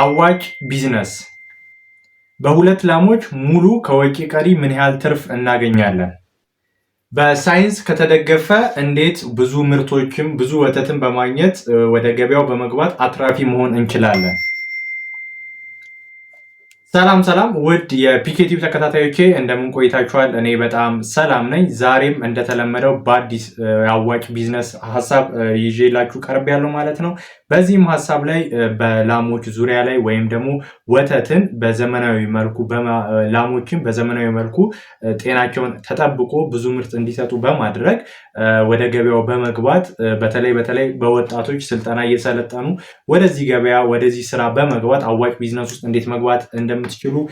አዋጭ ቢዝነስ በሁለት ላሞች ሙሉ ከወጪ ቀሪ ምን ያህል ትርፍ እናገኛለን? በሳይንስ ከተደገፈ እንዴት ብዙ ምርቶችም ብዙ ወተትን በማግኘት ወደ ገበያው በመግባት አትራፊ መሆን እንችላለን? ሰላም ሰላም ውድ የፒኬቲቭ ተከታታዮቼ እንደምን ቆይታችኋል? እኔ በጣም ሰላም ነኝ። ዛሬም እንደተለመደው በአዲስ አዋጭ ቢዝነስ ሀሳብ ይዤላችሁ ቀርብ ያለው ማለት ነው። በዚህም ሀሳብ ላይ በላሞች ዙሪያ ላይ ወይም ደግሞ ወተትን በዘመናዊ መልኩ ላሞችን በዘመናዊ መልኩ ጤናቸውን ተጠብቆ ብዙ ምርት እንዲሰጡ በማድረግ ወደ ገበያው በመግባት በተለይ በተለይ በወጣቶች ስልጠና እየሰለጠኑ ወደዚህ ገበያ ወደዚህ ስራ በመግባት አዋጭ ቢዝነስ ውስጥ እንዴት መግባት እንደ un petit peu mou.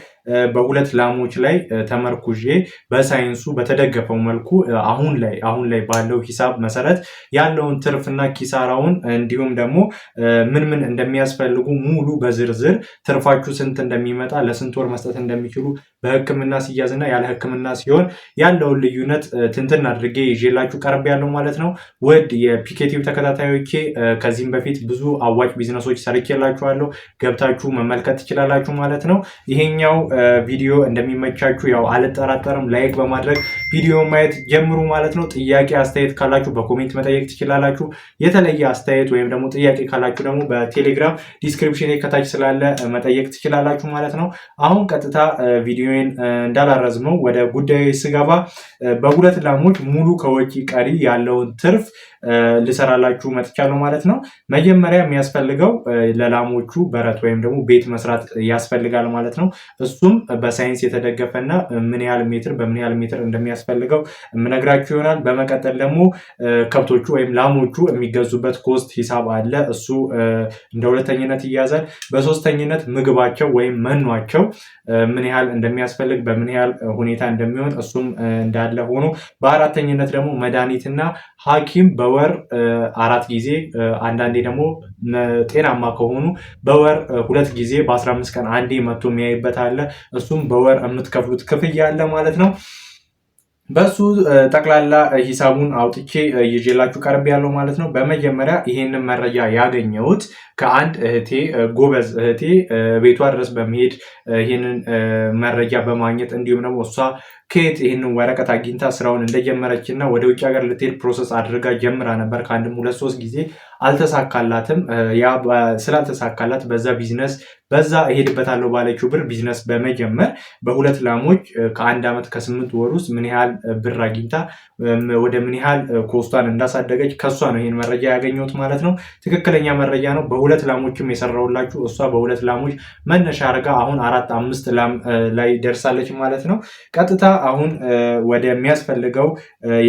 በሁለት ላሞች ላይ ተመርኩዤ በሳይንሱ በተደገፈው መልኩ አሁን ላይ አሁን ላይ ባለው ሂሳብ መሰረት ያለውን ትርፍና ኪሳራውን እንዲሁም ደግሞ ምን ምን እንደሚያስፈልጉ ሙሉ በዝርዝር ትርፋችሁ ስንት እንደሚመጣ ለስንት ወር መስጠት እንደሚችሉ በሕክምና ሲያዝና ያለ ሕክምና ሲሆን ያለውን ልዩነት ትንትን አድርጌ ይዤላችሁ ቀርብ ያለው ማለት ነው። ውድ የፒኬቲቭ ተከታታዮቼ ከዚህም በፊት ብዙ አዋጭ ቢዝነሶች ሰርቼላችኋለሁ። ገብታችሁ መመልከት ትችላላችሁ ማለት ነው። ይሄኛው ቪዲዮ እንደሚመቻችሁ ያው አልጠራጠርም። ላይክ በማድረግ ቪዲዮ ማየት ጀምሩ ማለት ነው። ጥያቄ አስተያየት ካላችሁ በኮሜንት መጠየቅ ትችላላችሁ። የተለየ አስተያየት ወይም ደግሞ ጥያቄ ካላችሁ ደግሞ በቴሌግራም ዲስክሪፕሽን ከታች ስላለ መጠየቅ ትችላላችሁ ማለት ነው። አሁን ቀጥታ ቪዲዮን እንዳላረዝመው ወደ ጉዳዩ ስገባ በሁለት ላሞች ሙሉ ከወጪ ቀሪ ያለውን ትርፍ ልሰራላችሁ መጥቻለሁ ማለት ነው። መጀመሪያ የሚያስፈልገው ለላሞቹ በረት ወይም ደግሞ ቤት መስራት ያስፈልጋል ማለት ነው። እሱም በሳይንስ የተደገፈና ምን ያህል ሜትር በምን ያህል ሜትር እንደሚያ እንደሚያስፈልገው የምነግራችሁ ይሆናል። በመቀጠል ደግሞ ከብቶቹ ወይም ላሞቹ የሚገዙበት ኮስት ሂሳብ አለ። እሱ እንደ ሁለተኝነት ይያዛል። በሶስተኝነት ምግባቸው ወይም መኗቸው ምን ያህል እንደሚያስፈልግ በምን ያህል ሁኔታ እንደሚሆን እሱም እንዳለ ሆኖ በአራተኝነት ደግሞ መድኃኒትና ሐኪም በወር አራት ጊዜ አንዳንዴ ደግሞ ጤናማ ከሆኑ በወር ሁለት ጊዜ በ አምስት ቀን አንዴ መቶ የሚያይበት አለ። እሱም በወር የምትከፍሉት ክፍያ አለ ማለት ነው። በሱ ጠቅላላ ሂሳቡን አውጥቼ ይዤላችሁ ቀርብ ያለው ማለት ነው። በመጀመሪያ ይሄንን መረጃ ያገኘሁት ከአንድ እህቴ ጎበዝ እህቴ ቤቷ ድረስ በመሄድ ይህንን መረጃ በማግኘት እንዲሁም ደግሞ እሷ ከየት ይህንን ወረቀት አግኝታ ስራውን እንደጀመረች እና ወደ ውጭ ሀገር ልትሄድ ፕሮሰስ አድርጋ ጀምራ ነበር። ከአንድም ሁለት ሶስት ጊዜ አልተሳካላትም። ያ ስላልተሳካላት በዛ ቢዝነስ በዛ እሄድበታለሁ ባለችው ብር ቢዝነስ በመጀመር በሁለት ላሞች ከአንድ ዓመት ከስምንት ወር ውስጥ ምን ያህል ብር አግኝታ ወደ ምን ያህል ኮስቷን እንዳሳደገች ከእሷ ነው ይህን መረጃ ያገኘሁት ማለት ነው። ትክክለኛ መረጃ ነው። በሁለት ላሞችም የሰራውላችሁ እሷ በሁለት ላሞች መነሻ አድርጋ አሁን አራት አምስት ላም ላይ ደርሳለች ማለት ነው። ቀጥታ አሁን ወደሚያስፈልገው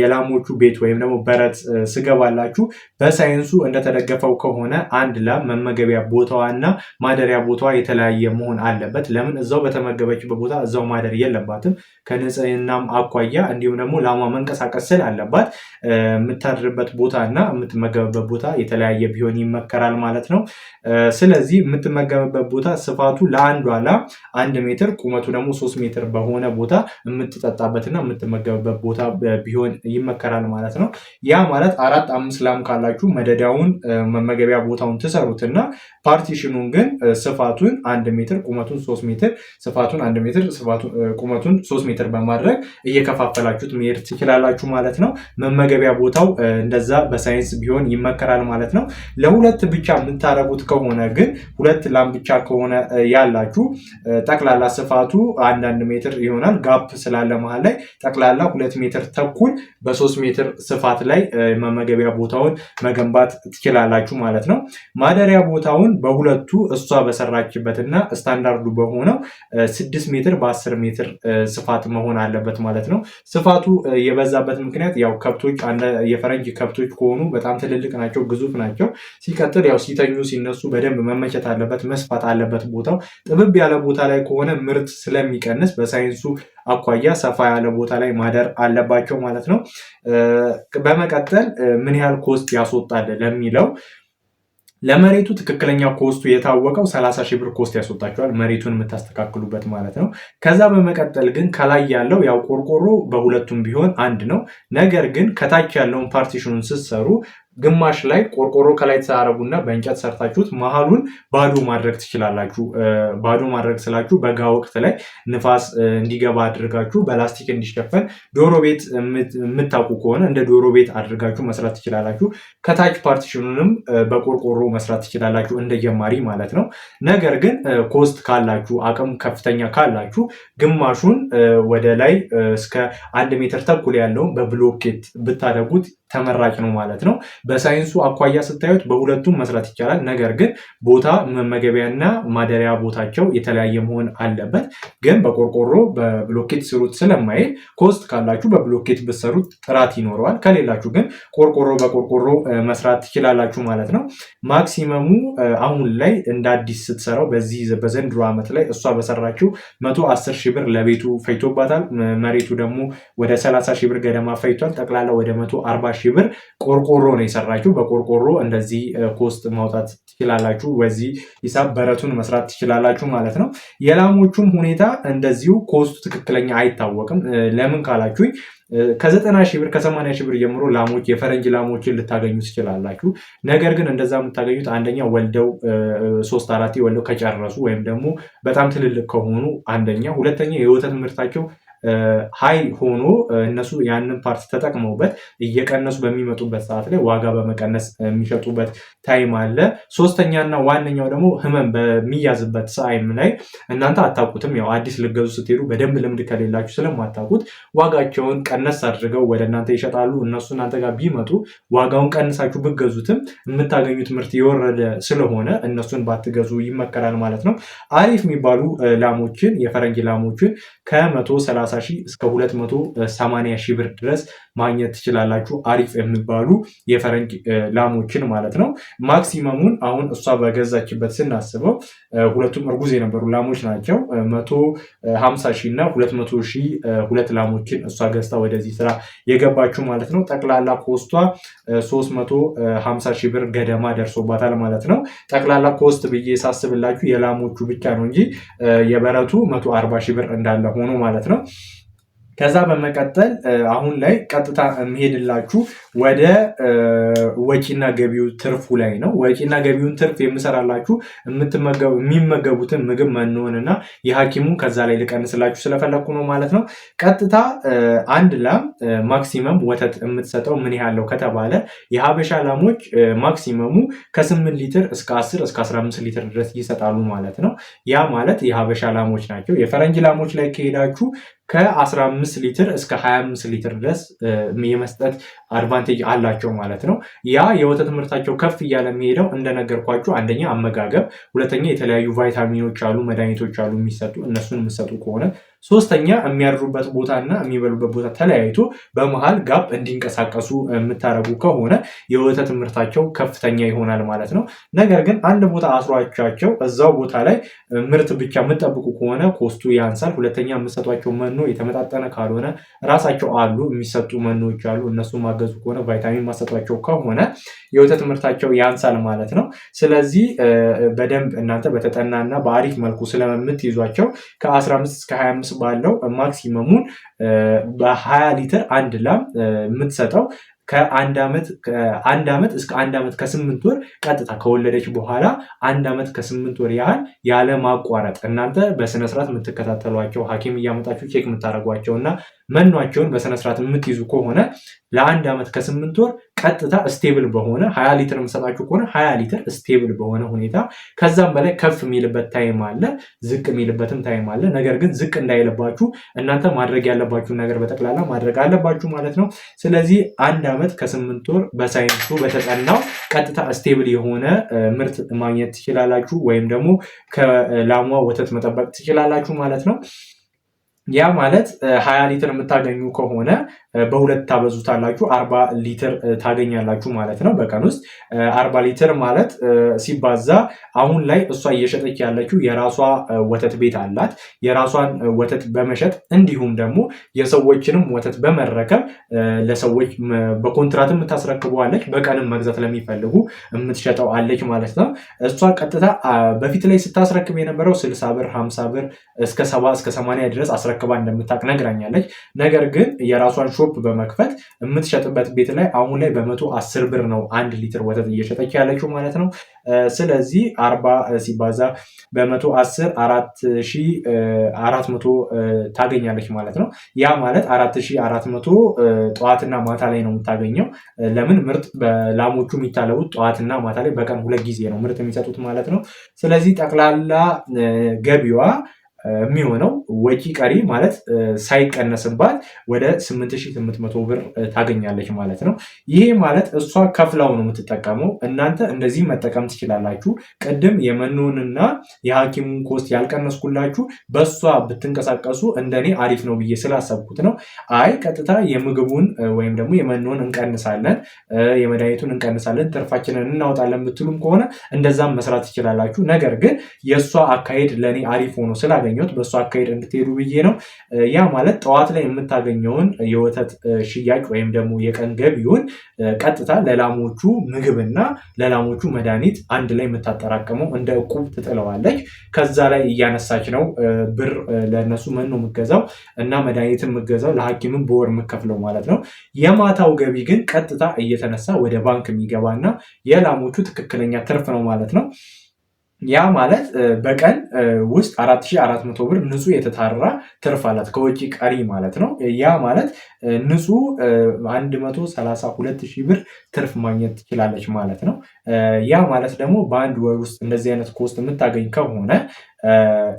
የላሞቹ ቤት ወይም ደግሞ በረት ስገባላችሁ በሳይንሱ እንደተደገፈው ከሆነ አንድ ላም መመገቢያ እና ማደሪያ ቦታዋ የተለያየ መሆን አለበት። ለምን እዛው በተመገበችበት ቦታ እዛው ማደር የለባትም። ከንጽህናም አኳያ እንዲሁም ደግሞ ላሟ መንቀሳቀስ መቅሰል አለባት። የምታድርበት ቦታ እና የምትመገብበት ቦታ የተለያየ ቢሆን ይመከራል ማለት ነው። ስለዚህ የምትመገብበት ቦታ ስፋቱ ለአንዷ ላም አንድ ሜትር ቁመቱ ደግሞ ሶስት ሜትር በሆነ ቦታ የምትጠጣበትና የምትመገብበት ቦታ ቢሆን ይመከራል ማለት ነው። ያ ማለት አራት አምስት ላም ካላችሁ መደዳውን መመገቢያ ቦታውን ትሰሩትና ፓርቲሽኑን ግን ስፋቱን አንድ ሜትር ቁመቱን ሶስት ሜትር ስፋቱን አንድ ሜትር ቁመቱን ሶስት ሜትር በማድረግ እየከፋፈላችሁት መሄድ ትችላላችሁ ማለት ነው። መመገቢያ ቦታው እንደዛ በሳይንስ ቢሆን ይመከራል ማለት ነው። ለሁለት ብቻ የምታረጉት ከሆነ ግን ሁለት ላም ብቻ ከሆነ ያላችሁ ጠቅላላ ስፋቱ አንዳንድ ሜትር ይሆናል። ጋፕ ስላለ መሀል ላይ ጠቅላላ ሁለት ሜትር ተኩል በሶስት ሜትር ስፋት ላይ መመገቢያ ቦታውን መገንባት ትችላላችሁ ማለት ነው። ማደሪያ ቦታውን በሁለቱ እሷ በሰራችበት እና ስታንዳርዱ በሆነው ስድስት ሜትር በአስር ሜትር ስፋት መሆን አለበት ማለት ነው። ስፋቱ የበዛበት ያልኩበት ምክንያት ያው ከብቶች የፈረንጅ ከብቶች ከሆኑ በጣም ትልልቅ ናቸው፣ ግዙፍ ናቸው። ሲቀጥል ያው ሲተኙ ሲነሱ በደንብ መመቸት አለበት፣ መስፋት አለበት ቦታው። ጥብብ ያለ ቦታ ላይ ከሆነ ምርት ስለሚቀንስ በሳይንሱ አኳያ ሰፋ ያለ ቦታ ላይ ማደር አለባቸው ማለት ነው። በመቀጠል ምን ያህል ኮስት ያስወጣል ለሚለው ለመሬቱ ትክክለኛ ኮስቱ የታወቀው 30 ሺህ ብር ኮስት ያስወጣችኋል፣ መሬቱን የምታስተካክሉበት ማለት ነው። ከዛ በመቀጠል ግን ከላይ ያለው ያው ቆርቆሮ በሁለቱም ቢሆን አንድ ነው። ነገር ግን ከታች ያለውን ፓርቲሽኑን ስትሰሩ ግማሽ ላይ ቆርቆሮ ከላይ ተደረጉና በእንጨት ሰርታችሁት መሀሉን ባዶ ማድረግ ትችላላችሁ። ባዶ ማድረግ ስላችሁ በጋ ወቅት ላይ ንፋስ እንዲገባ አድርጋችሁ በላስቲክ እንዲሸፈን ዶሮ ቤት የምታውቁ ከሆነ እንደ ዶሮ ቤት አድርጋችሁ መስራት ትችላላችሁ። ከታች ፓርቲሽኑንም በቆርቆሮ መስራት ትችላላችሁ፣ እንደ ጀማሪ ማለት ነው። ነገር ግን ኮስት ካላችሁ አቅም ከፍተኛ ካላችሁ ግማሹን ወደ ላይ እስከ አንድ ሜትር ተኩል ያለውን በብሎኬት ብታደጉት ተመራጭ ነው ማለት ነው። በሳይንሱ አኳያ ስታዩት በሁለቱም መስራት ይቻላል። ነገር ግን ቦታ መመገቢያና ማደሪያ ቦታቸው የተለያየ መሆን አለበት። ግን በቆርቆሮ በብሎኬት ስሩት ስለማይል ኮስት ካላችሁ በብሎኬት ብትሰሩት ጥራት ይኖረዋል። ከሌላችሁ ግን ቆርቆሮ በቆርቆሮ መስራት ትችላላችሁ ማለት ነው። ማክሲመሙ አሁን ላይ እንደ አዲስ ስትሰራው በዚህ በዘንድሮ ዓመት ላይ እሷ በሰራችው መቶ አስር ሺህ ብር ለቤቱ ፈይቶባታል። መሬቱ ደግሞ ወደ ሰላሳ ሺህ ብር ገደማ ፈይቷል። ጠቅላላ ወደ መቶ አርባ ሺህ ብር ቆርቆሮ ነው የሰራችሁ። በቆርቆሮ እንደዚህ ኮስት ማውጣት ትችላላችሁ። በዚህ ሂሳብ በረቱን መስራት ትችላላችሁ ማለት ነው። የላሞቹም ሁኔታ እንደዚሁ ኮስቱ ትክክለኛ አይታወቅም። ለምን ካላችሁኝ ከዘጠና ሺህ ብር ከሰማንያ ሺህ ብር ጀምሮ ላሞች የፈረንጅ ላሞችን ልታገኙ ትችላላችሁ። ነገር ግን እንደዛ የምታገኙት አንደኛ ወልደው ሶስት አራት ወልደው ከጨረሱ ወይም ደግሞ በጣም ትልልቅ ከሆኑ አንደኛ፣ ሁለተኛ የወተት ምርታቸው ሀይ ሆኖ እነሱ ያንን ፓርት ተጠቅመውበት እየቀነሱ በሚመጡበት ሰዓት ላይ ዋጋ በመቀነስ የሚሸጡበት ታይም አለ። ሶስተኛና ዋነኛው ደግሞ ህመም በሚያዝበት ሳይም ላይ እናንተ አታውቁትም። ያው አዲስ ልገዙ ስትሄዱ በደንብ ልምድ ከሌላችሁ ስለማታውቁት ዋጋቸውን ቀነስ አድርገው ወደ እናንተ ይሸጣሉ። እነሱ እናንተ ጋር ቢመጡ ዋጋውን ቀንሳችሁ ብገዙትም የምታገኙት ምርት የወረደ ስለሆነ እነሱን ባትገዙ ይመከራል ማለት ነው። አሪፍ የሚባሉ ላሞችን የፈረንጅ ላሞችን ከመቶ ሰላሳ 130 ሺህ እስከ 280 ሺህ ብር ድረስ ማግኘት ትችላላችሁ። አሪፍ የሚባሉ የፈረንጅ ላሞችን ማለት ነው። ማክሲመሙን አሁን እሷ በገዛችበት ስናስበው ሁለቱም እርጉዝ የነበሩ ላሞች ናቸው። 150 ሺህ እና 200 ሺህ ሁለት ላሞችን እሷ ገዝታ ወደዚህ ስራ የገባችው ማለት ነው። ጠቅላላ ኮስቷ 350 ሺህ ብር ገደማ ደርሶባታል ማለት ነው። ጠቅላላ ኮስት ብዬ ሳስብላችሁ የላሞቹ ብቻ ነው እንጂ የበረቱ 140 ሺህ ብር እንዳለ ሆኖ ማለት ነው። ከዛ በመቀጠል አሁን ላይ ቀጥታ የሚሄድላችሁ ወደ ወጪና ገቢው ትርፉ ላይ ነው። ወጪና ገቢውን ትርፍ የምሰራላችሁ የሚመገቡትን ምግብ መኖንና እና የሐኪሙን ከዛ ላይ ልቀንስላችሁ ስለፈለግኩ ነው ማለት ነው። ቀጥታ አንድ ላም ማክሲመም ወተት የምትሰጠው ምን ያለው ከተባለ የሀበሻ ላሞች ማክሲመሙ ከ8 ሊትር እስከ 10 እስከ 15 ሊትር ድረስ ይሰጣሉ ማለት ነው። ያ ማለት የሀበሻ ላሞች ናቸው። የፈረንጅ ላሞች ላይ ከሄዳችሁ ከ15 ሊትር እስከ 25 ሊትር ድረስ የመስጠት አድቫንቴጅ አላቸው ማለት ነው። ያ የወተት ምርታቸው ከፍ እያለ የሚሄደው እንደነገርኳችሁ አንደኛ አመጋገብ፣ ሁለተኛ የተለያዩ ቫይታሚኖች አሉ፣ መድኃኒቶች አሉ የሚሰጡ እነሱን የምሰጡ ከሆነ ሶስተኛ የሚያድሩበት ቦታ እና የሚበሉበት ቦታ ተለያይቶ በመሀል ጋፕ እንዲንቀሳቀሱ የምታደርጉ ከሆነ የወተት ምርታቸው ከፍተኛ ይሆናል ማለት ነው። ነገር ግን አንድ ቦታ አስሯቻቸው እዛው ቦታ ላይ ምርት ብቻ የምጠብቁ ከሆነ ኮስቱ ያንሳል። ሁለተኛ የምሰጧቸው መኖ የተመጣጠነ ካልሆነ ራሳቸው አሉ የሚሰጡ መኖዎች አሉ። እነሱ ማገዙ ከሆነ ቫይታሚን ማሰጧቸው ከሆነ የወተት ምርታቸው ያንሳል ማለት ነው። ስለዚህ በደንብ እናንተ በተጠናና በአሪፍ መልኩ ስለምትይዟቸው ከ15 እስከ 25 ጥብስ ባለው ማክሲመሙን በሀያ ሊትር አንድ ላም የምትሰጠው ከአንድ ዓመት እስከ አንድ ዓመት ከስምንት ወር ቀጥታ ከወለደች በኋላ አንድ ዓመት ከስምንት ወር ያህል ያለ ማቋረጥ እናንተ በስነስርዓት የምትከታተሏቸው ሐኪም እያመጣችሁ ቼክ የምታደርጓቸው እና መኗቸውን በስነስርዓት የምትይዙ ከሆነ ለአንድ ዓመት ከስምንት ወር ቀጥታ ስቴብል በሆነ ሀያ ሊትር የምሰጣችሁ ከሆነ ሀያ ሊትር ስቴብል በሆነ ሁኔታ ከዛም በላይ ከፍ የሚልበት ታይም አለ፣ ዝቅ የሚልበትም ታይም አለ። ነገር ግን ዝቅ እንዳይለባችሁ እናንተ ማድረግ ያለባችሁን ነገር በጠቅላላ ማድረግ አለባችሁ ማለት ነው። ስለዚህ አንድ ዓመት ከስምንት ወር በሳይንሱ በተጠናው ቀጥታ ስቴብል የሆነ ምርት ማግኘት ትችላላችሁ፣ ወይም ደግሞ ከላሟ ወተት መጠበቅ ትችላላችሁ ማለት ነው። ያ ማለት ሀያ ሊትር የምታገኙ ከሆነ በሁለት ታበዙታላችሁ አርባ ሊትር ታገኛላችሁ ማለት ነው። በቀን ውስጥ አርባ ሊትር ማለት ሲባዛ አሁን ላይ እሷ እየሸጠች ያለችው የራሷ ወተት ቤት አላት። የራሷን ወተት በመሸጥ እንዲሁም ደግሞ የሰዎችንም ወተት በመረከብ ለሰዎች በኮንትራት የምታስረክበዋለች፣ በቀንም መግዛት ለሚፈልጉ የምትሸጠው አለች ማለት ነው። እሷ ቀጥታ በፊት ላይ ስታስረክብ የነበረው ስልሳ ብር ሀምሳ ብር እስከ ሰባ እስከ ሰማንያ ድረስ አስረክባ እንደምታቅ ነግራኛለች። ነገር ግን የራሷን ሾፕ በመክፈት የምትሸጥበት ቤት ላይ አሁን ላይ በመቶ አስር ብር ነው አንድ ሊትር ወተት እየሸጠች ያለችው ማለት ነው። ስለዚህ አርባ ሲባዛ በመቶ አስር አራት ሺ አራት መቶ ታገኛለች ማለት ነው። ያ ማለት አራት ሺ አራት መቶ ጠዋትና ማታ ላይ ነው የምታገኘው። ለምን ምርጥ በላሞቹ የሚታለቡት ጠዋትና ማታ ላይ በቀን ሁለት ጊዜ ነው ምርጥ የሚሰጡት ማለት ነው። ስለዚህ ጠቅላላ ገቢዋ የሚሆነው ወጪ ቀሪ ማለት ሳይቀነስባት ወደ 8800 ብር ታገኛለች ማለት ነው። ይሄ ማለት እሷ ከፍላው ነው የምትጠቀመው። እናንተ እንደዚህ መጠቀም ትችላላችሁ። ቅድም የመኖንና የሐኪሙን ኮስት ያልቀነስኩላችሁ በእሷ ብትንቀሳቀሱ እንደኔ አሪፍ ነው ብዬ ስላሰብኩት ነው። አይ ቀጥታ የምግቡን ወይም ደግሞ የመኖን እንቀንሳለን፣ የመድኃኒቱን እንቀንሳለን፣ ትርፋችንን እናወጣለን ብትሉም ከሆነ እንደዛም መስራት ትችላላችሁ። ነገር ግን የእሷ አካሄድ ለእኔ አሪፍ ሆኖ ስላገ ያገኘሁት በእሱ አካሄድ እንድትሄዱ ብዬ ነው። ያ ማለት ጠዋት ላይ የምታገኘውን የወተት ሽያጭ ወይም ደግሞ የቀን ገቢውን ቀጥታ ለላሞቹ ምግብና ለላሞቹ መድኃኒት አንድ ላይ የምታጠራቀመው እንደ እቁብ ትጥለዋለች። ከዛ ላይ እያነሳች ነው ብር ለእነሱ መኖ የምገዛው እና መድኃኒትን የምገዛው ለሐኪምም በወር የምከፍለው ማለት ነው። የማታው ገቢ ግን ቀጥታ እየተነሳ ወደ ባንክ የሚገባና የላሞቹ ትክክለኛ ትርፍ ነው ማለት ነው። ያ ማለት በቀን ውስጥ 4400 ብር ንጹህ የተታራ ትርፍ አላት ከውጭ ቀሪ ማለት ነው። ያ ማለት ንጹህ 132000 ብር ትርፍ ማግኘት ትችላለች ማለት ነው። ያ ማለት ደግሞ በአንድ ወር ውስጥ እንደዚህ አይነት ኮስት የምታገኝ ከሆነ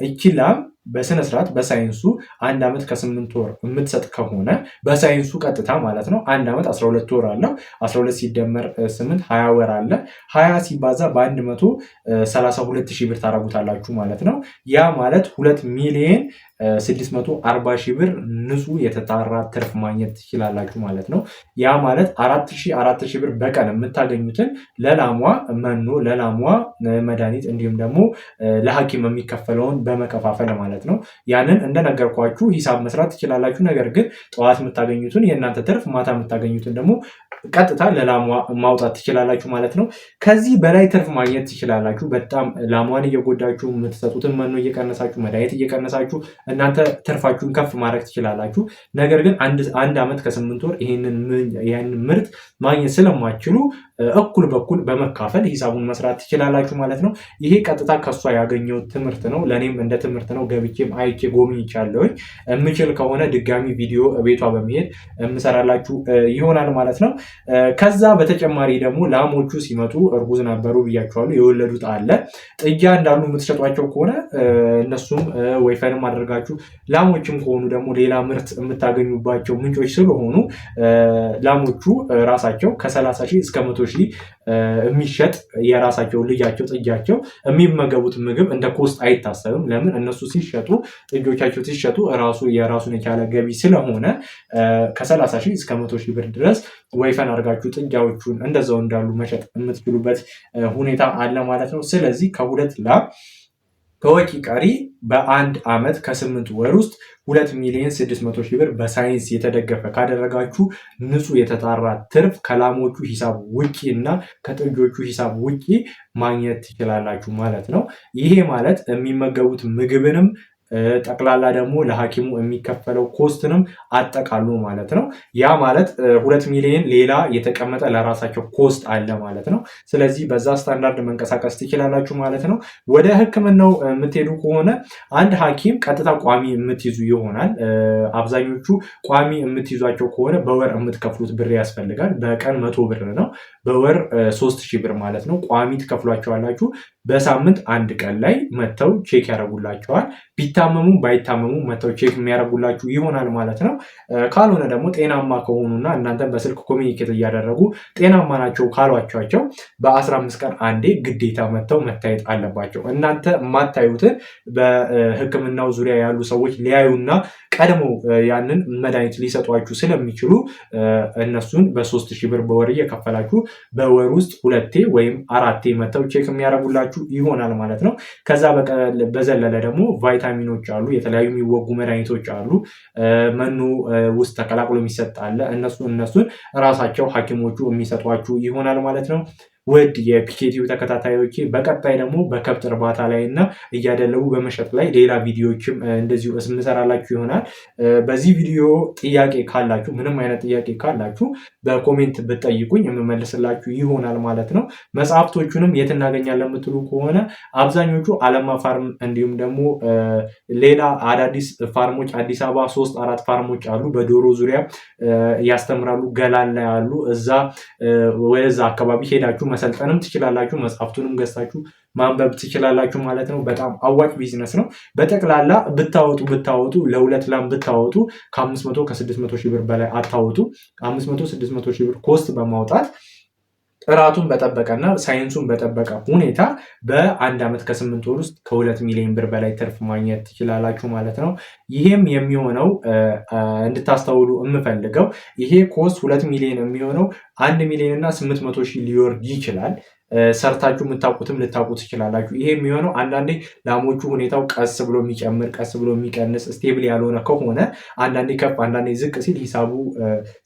እቺ ላም በስነ ስርዓት በሳይንሱ አንድ ዓመት ከስምንት ወር የምትሰጥ ከሆነ በሳይንሱ ቀጥታ ማለት ነው። አንድ ዓመት አስራ ሁለት ወር አለው። አስራ ሁለት ሲደመር ስምንት ሀያ ወር አለ። ሀያ ሲባዛ በአንድ መቶ ሰላሳ ሁለት ሺህ ብር ታረጉታላችሁ ማለት ነው። ያ ማለት ሁለት ሚሊየን 640 ሺህ ብር ንጹህ የተጣራ ትርፍ ማግኘት ትችላላችሁ ማለት ነው። ያ ማለት አራት ሺህ ብር በቀን የምታገኙትን ለላሟ መኖ፣ ለላሟ መድኃኒት እንዲሁም ደግሞ ለሐኪም የሚከፈለውን በመከፋፈል ማለት ነው። ያንን እንደነገርኳችሁ ሂሳብ መስራት ትችላላችሁ። ነገር ግን ጠዋት የምታገኙትን የእናንተ ትርፍ፣ ማታ የምታገኙትን ደግሞ ቀጥታ ለላሟ ማውጣት ትችላላችሁ ማለት ነው። ከዚህ በላይ ትርፍ ማግኘት ትችላላችሁ። በጣም ላሟን እየጎዳችሁ የምትሰጡትን መኖ እየቀነሳችሁ፣ መድኃኒት እየቀነሳችሁ እናንተ ትርፋችሁን ከፍ ማድረግ ትችላላችሁ። ነገር ግን አንድ ዓመት ከስምንት ወር ይህንን ምርት ማግኘት ስለማችሉ እኩል በኩል በመካፈል ሂሳቡን መስራት ትችላላችሁ ማለት ነው። ይሄ ቀጥታ ከሷ ያገኘው ትምህርት ነው። ለእኔም እንደ ትምህርት ነው። ገብቼም አይቼ ጎብኝቻለሁኝ። የምችል ከሆነ ድጋሚ ቪዲዮ ቤቷ በመሄድ የምሰራላችሁ ይሆናል ማለት ነው። ከዛ በተጨማሪ ደግሞ ላሞቹ ሲመጡ እርጉዝ ነበሩ ብያቸዋሉ። የወለዱት አለ ጥጃ እንዳሉ የምትሸጧቸው ከሆነ እነሱም ወይፈንም አድርጋችሁ ላሞችም ከሆኑ ደግሞ ሌላ ምርት የምታገኙባቸው ምንጮች ስለሆኑ ላሞቹ ራሳቸው ከ30 ሺህ እስከ መቶ ሺህ የሚሸጥ የራሳቸው ልጃቸው ጥጃቸው የሚመገቡት ምግብ እንደ ኮስት አይታሰብም። ለምን እነሱ ሲሸጡ ጥጆቻቸው ሲሸጡ ራሱ የራሱን የቻለ ገቢ ስለሆነ ከሰላሳ ሺህ እስከ መቶ ሺህ ብር ድረስ ወይፈን አድርጋችሁ ጥጃዎቹን እንደዛው እንዳሉ መሸጥ የምትችሉበት ሁኔታ አለ ማለት ነው። ስለዚህ ከሁለት ላም ተወኪ ቀሪ በአንድ ዓመት ከስምንት ወር ውስጥ ሁለት ሚሊዮን ስድስት መቶ ሺህ ብር በሳይንስ የተደገፈ ካደረጋችሁ ንጹህ የተጣራ ትርፍ ከላሞቹ ሂሳብ ውጪ እና ከጥጆቹ ሂሳብ ውጪ ማግኘት ትችላላችሁ ማለት ነው። ይሄ ማለት የሚመገቡት ምግብንም ጠቅላላ ደግሞ ለሐኪሙ የሚከፈለው ኮስትንም አጠቃሉ ማለት ነው። ያ ማለት ሁለት ሚሊዮን ሌላ የተቀመጠ ለራሳቸው ኮስት አለ ማለት ነው። ስለዚህ በዛ ስታንዳርድ መንቀሳቀስ ትችላላችሁ ማለት ነው። ወደ ሕክምናው የምትሄዱ ከሆነ አንድ ሐኪም ቀጥታ ቋሚ የምትይዙ ይሆናል። አብዛኞቹ ቋሚ የምትይዟቸው ከሆነ በወር የምትከፍሉት ብር ያስፈልጋል። በቀን መቶ ብር ነው፣ በወር ሶስት ሺህ ብር ማለት ነው። ቋሚ ትከፍሏቸዋላችሁ በሳምንት አንድ ቀን ላይ መጥተው ቼክ ያደርጉላቸዋል። ቢታመሙ ባይታመሙ መጥተው ቼክ የሚያደርጉላችሁ ይሆናል ማለት ነው። ካልሆነ ደግሞ ጤናማ ከሆኑና እናንተን በስልክ ኮሚኒኬት እያደረጉ ጤናማ ናቸው ካሏቸቸው በ15 ቀን አንዴ ግዴታ መጥተው መታየት አለባቸው። እናንተ የማታዩትን በሕክምናው ዙሪያ ያሉ ሰዎች ሊያዩና ቀደሞ ያንን መድኃኒት ሊሰጧችሁ ስለሚችሉ እነሱን በሶስት ሺህ ብር በወር እየከፈላችሁ በወር ውስጥ ሁለቴ ወይም አራቴ መጥተው ቼክ የሚያደረጉላችሁ ይሆናል ማለት ነው። ከዛ በዘለለ ደግሞ ቫይታሚኖች አሉ፣ የተለያዩ የሚወጉ መድኃኒቶች አሉ፣ መኖ ውስጥ ተቀላቅሎ የሚሰጥ አለ። እነሱ እነሱን ራሳቸው ሐኪሞቹ የሚሰጧችሁ ይሆናል ማለት ነው። ውድ የፒኬቲው ተከታታዮቼ በቀጣይ ደግሞ በከብት እርባታ ላይ እና እያደለቡ በመሸጥ ላይ ሌላ ቪዲዮዎችም እንደዚሁ የምንሰራላችሁ ይሆናል። በዚህ ቪዲዮ ጥያቄ ካላችሁ ምንም አይነት ጥያቄ ካላችሁ በኮሜንት ብጠይቁኝ የምመልስላችሁ ይሆናል ማለት ነው። መጽሐፍቶቹንም የት እናገኛለን የምትሉ ከሆነ አብዛኞቹ አለማ ፋርም እንዲሁም ደግሞ ሌላ አዳዲስ ፋርሞች አዲስ አበባ ሶስት አራት ፋርሞች አሉ። በዶሮ ዙሪያ ያስተምራሉ። ገላን ላይ አሉ። እዛ ወደዛ አካባቢ ሄዳችሁ መሰልጠንም ትችላላችሁ፣ መጽሐፍቱንም ገዝታችሁ ማንበብ ትችላላችሁ ማለት ነው። በጣም አዋጭ ቢዝነስ ነው። በጠቅላላ ብታወጡ ብታወጡ ለሁለት ላም ብታወጡ ከአምስት መቶ ከስድስት መቶ ሺህ ብር በላይ አታወጡ። አምስት መቶ ስድስት መቶ ሺህ ብር ኮስት በማውጣት ጥራቱን በጠበቀና ሳይንሱን በጠበቀ ሁኔታ በአንድ ዓመት ከስምንት ወር ውስጥ ከሁለት ሚሊዮን ብር በላይ ትርፍ ማግኘት ትችላላችሁ ማለት ነው። ይሄም የሚሆነው እንድታስተውሉ የምፈልገው ይሄ ኮስ ሁለት ሚሊዮን የሚሆነው አንድ ሚሊዮን እና ስምንት መቶ ሺህ ሊወርድ ይችላል። ሰርታችሁ የምታውቁትም ልታውቁ ትችላላችሁ። ይሄ የሚሆነው አንዳንዴ ላሞቹ ሁኔታው ቀስ ብሎ የሚጨምር ቀስ ብሎ የሚቀንስ ስቴብል ያልሆነ ከሆነ አንዳንዴ ከፍ አንዳንዴ ዝቅ ሲል ሂሳቡ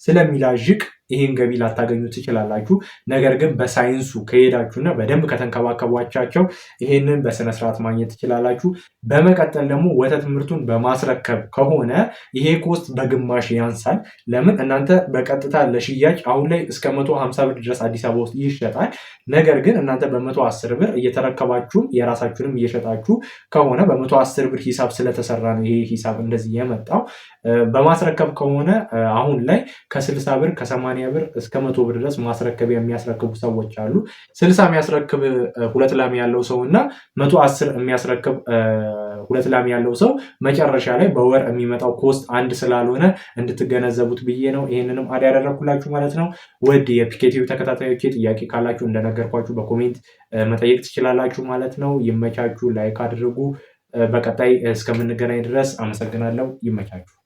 ስለሚላዥቅ ይህን ገቢ ላታገኙ ትችላላችሁ። ነገር ግን በሳይንሱ ከሄዳችሁና በደንብ ከተንከባከቧቻቸው ይህንን በስነስርዓት ማግኘት ትችላላችሁ። በመቀጠል ደግሞ ወተት ምርቱን በማስረከብ ከሆነ ይሄ ኮስት በግማሽ ያንሳል። ለምን እናንተ በቀጥታ ለሽያጭ አሁን ላይ እስከ መቶ ሀምሳ ብር ድረስ አዲስ አበባ ውስጥ ይሸጣል። ነገር ግን እናንተ በመቶ አስር ብር እየተረከባችሁም የራሳችሁንም እየሸጣችሁ ከሆነ በመቶ አስር ብር ሂሳብ ስለተሰራ ነው ይሄ ሂሳብ እንደዚህ የመጣው። በማስረከብ ከሆነ አሁን ላይ ከስልሳ ብር ከሰማ 80 ብር እስከ መቶ ብር ድረስ ማስረከብ የሚያስረክቡ ሰዎች አሉ። ስልሳ የሚያስረክብ ሁለት ላም ያለው ሰው እና መቶ አስር የሚያስረክብ ሁለት ላም ያለው ሰው መጨረሻ ላይ በወር የሚመጣው ኮስት አንድ ስላልሆነ እንድትገነዘቡት ብዬ ነው ይህንንም አድ ያደረግኩላችሁ ማለት ነው። ውድ የፒኬቲቪ ተከታታዮች ጥያቄ ካላችሁ እንደነገርኳችሁ በኮሜንት መጠየቅ ትችላላችሁ ማለት ነው። ይመቻችሁ። ላይክ አድርጉ። በቀጣይ እስከምንገናኝ ድረስ አመሰግናለሁ። ይመቻችሁ።